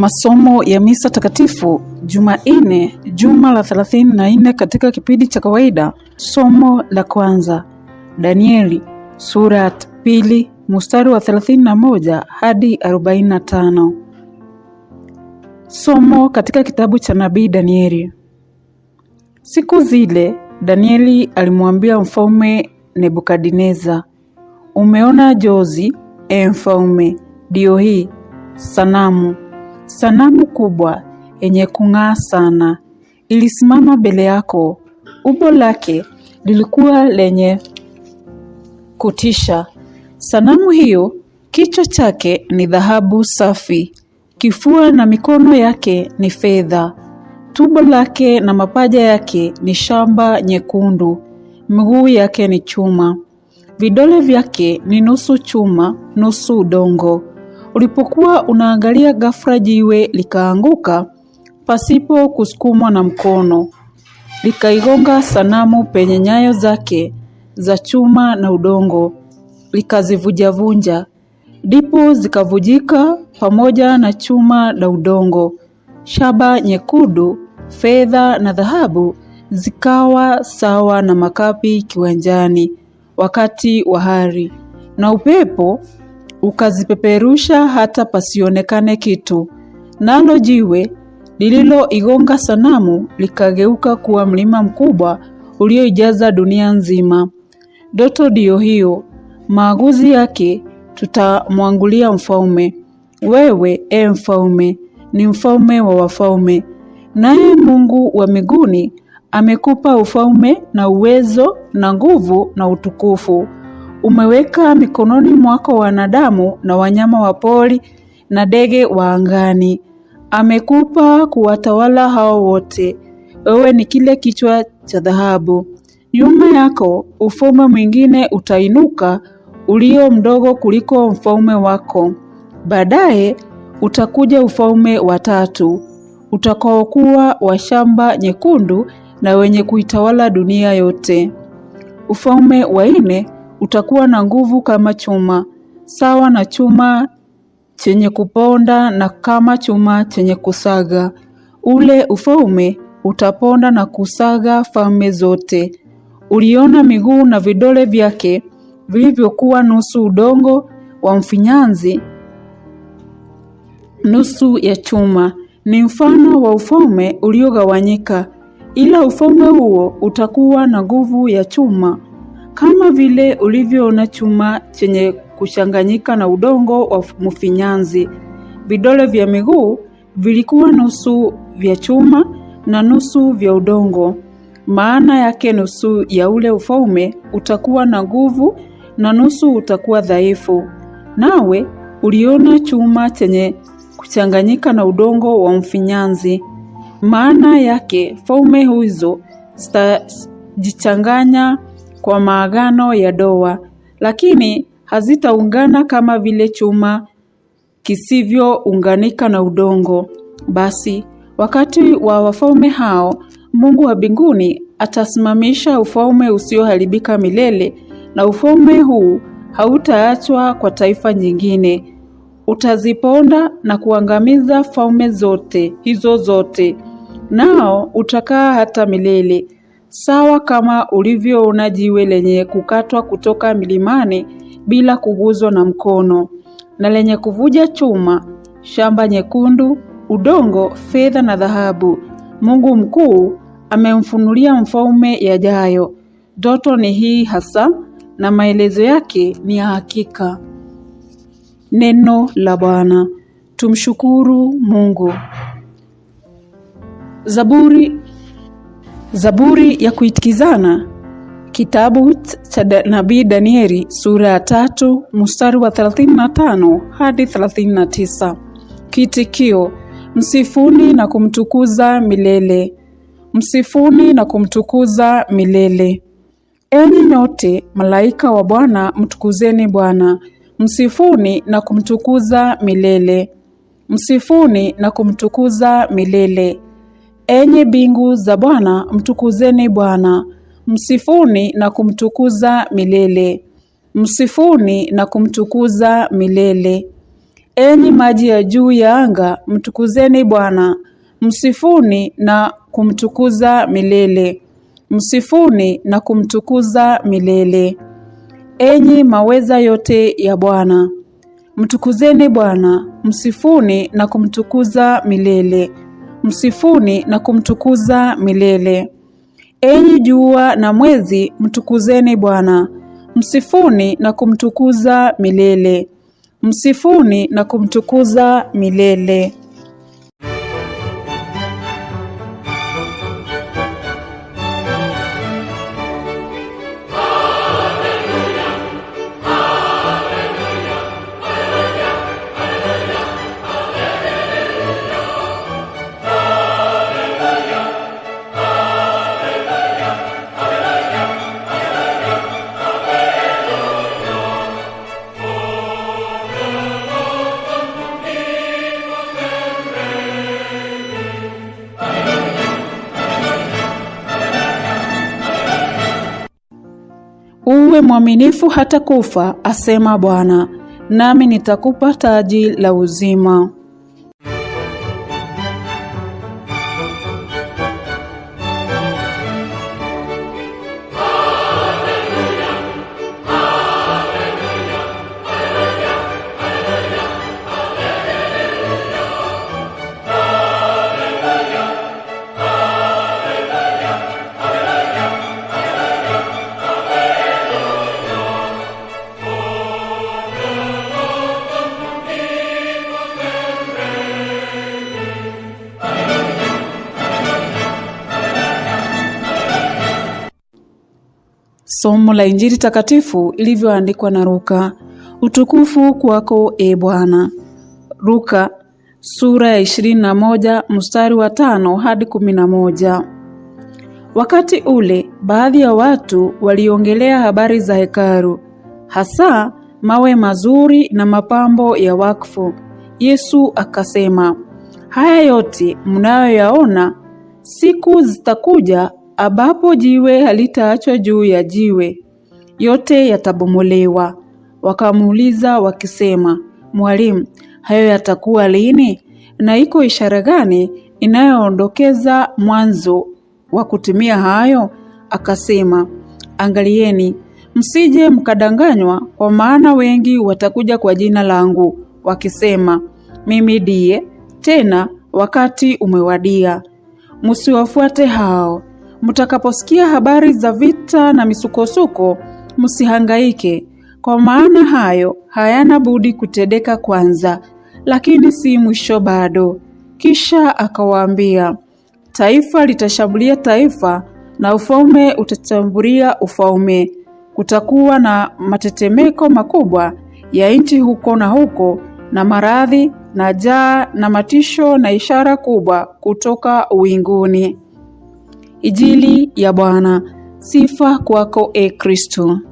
Masomo ya misa takatifu Jumanne, juma la 34 katika kipindi cha kawaida. Somo la kwanza, Danieli sura ya pili mstari wa 31 hadi 45. Somo katika kitabu cha nabii Danieli. Siku zile Danieli alimwambia mfalme Nebukadneza, umeona jozi, e mfalme, hii sanamu Sanamu kubwa yenye kung'aa sana ilisimama mbele yako. Umbo lake lilikuwa lenye kutisha. Sanamu hiyo, kichwa chake ni dhahabu safi, kifua na mikono yake ni fedha, tumbo lake na mapaja yake ni shamba nyekundu, miguu yake ni chuma, vidole vyake ni nusu chuma, nusu udongo ulipokuwa unaangalia ghafla jiwe likaanguka pasipo kusukumwa na mkono, likaigonga sanamu penye nyayo zake za chuma na udongo, likazivunjavunja ndipo zikavujika pamoja na chuma na udongo, shaba nyekundu, fedha na dhahabu zikawa sawa na makapi kiwanjani wakati wa hari, na upepo ukazipeperusha hata pasionekane kitu, nalo jiwe lililoigonga sanamu likageuka kuwa mlima mkubwa ulioijaza dunia nzima. Ndoto ndiyo hiyo, maaguzi yake tutamwangulia mfalme. Wewe e mfalme, ni mfalme wa wafalme, naye Mungu wa miguni amekupa ufalme na uwezo na nguvu na utukufu umeweka mikononi mwako wanadamu na wanyama wa pori na ndege wa angani. Amekupa kuwatawala hao wote. Wewe ni kile kichwa cha dhahabu. Nyuma yako ufalme mwingine utainuka ulio mdogo kuliko mfalme wako. Baadaye utakuja ufalme wa tatu utakaokuwa wa shamba nyekundu na wenye kuitawala dunia yote. Ufalme wa nne utakuwa na nguvu kama chuma, sawa na chuma chenye kuponda na kama chuma chenye kusaga. Ule ufalme utaponda na kusaga falme zote. Uliona miguu na vidole vyake vilivyokuwa nusu udongo wa mfinyanzi, nusu ya chuma. Ni mfano wa ufalme uliogawanyika, ila ufalme huo utakuwa na nguvu ya chuma kama vile ulivyoona chuma chenye kuchanganyika na udongo wa mfinyanzi, vidole vya miguu vilikuwa nusu vya chuma na nusu vya udongo. Maana yake nusu ya ule ufalme utakuwa na nguvu na nusu utakuwa dhaifu. Nawe uliona chuma chenye kuchanganyika na udongo wa mfinyanzi, maana yake falme hizo zitajichanganya kwa maagano ya doa lakini hazitaungana kama vile chuma kisivyounganika na udongo. Basi wakati wa wafalme hao, Mungu wa mbinguni atasimamisha ufalme usioharibika milele, na ufalme huu hautaachwa kwa taifa nyingine. Utaziponda na kuangamiza falme zote hizo zote, nao utakaa hata milele sawa kama ulivyoona jiwe lenye kukatwa kutoka milimani bila kuguzwa na mkono na lenye kuvuja chuma, shamba nyekundu, udongo, fedha na dhahabu. Mungu mkuu amemfunulia mfalme yajayo. Ndoto ni hii hasa, na maelezo yake ni ya hakika. Neno la Bwana. Tumshukuru Mungu. Zaburi Zaburi ya kuitikizana kitabu cha nabii Danieli sura ya tatu mstari wa 35 hadi 39. Kitikio: msifuni na kumtukuza milele, msifuni na kumtukuza milele. Enyi nyote malaika wa Bwana, mtukuzeni Bwana, msifuni na kumtukuza milele, msifuni na kumtukuza milele. Enyi mbingu za Bwana, mtukuzeni Bwana. Msifuni na kumtukuza milele, msifuni na kumtukuza milele. Enyi maji ya juu ya anga, mtukuzeni Bwana. Msifuni na kumtukuza milele, msifuni na kumtukuza milele. Enyi maweza yote ya Bwana, mtukuzeni Bwana. Msifuni na kumtukuza milele, msifuni na kumtukuza milele. Enyi jua na mwezi, mtukuzeni Bwana, msifuni na kumtukuza milele, msifuni na kumtukuza milele. uwe mwaminifu hata kufa, asema Bwana, nami nitakupa taji la uzima. Somo la Injili takatifu ilivyoandikwa na Luka. Utukufu kwako e Bwana. Luka sura ya 21 mstari wa tano hadi 11. Wakati ule baadhi ya watu waliongelea habari za hekalu, hasa mawe mazuri na mapambo ya wakfu. Yesu akasema, haya yote mnayoyaona, siku zitakuja ambapo jiwe halitaachwa juu ya jiwe, yote yatabomolewa. Wakamuuliza wakisema, Mwalimu, hayo yatakuwa lini? Na iko ishara gani inayoondokeza mwanzo wa kutimia hayo? Akasema, angalieni msije mkadanganywa, kwa maana wengi watakuja kwa jina langu wakisema, mimi ndiye; tena wakati umewadia. Msiwafuate hao, Mtakaposikia habari za vita na misukosuko, msihangaike, kwa maana hayo hayana budi kutendeka kwanza, lakini si mwisho bado. Kisha akawaambia, taifa litashambulia taifa na ufalme utatambulia ufalme. Kutakuwa na matetemeko makubwa ya nchi huko na huko, na maradhi na njaa na matisho na ishara kubwa kutoka uinguni ijili ya Bwana. Sifa kwako, e Kristo.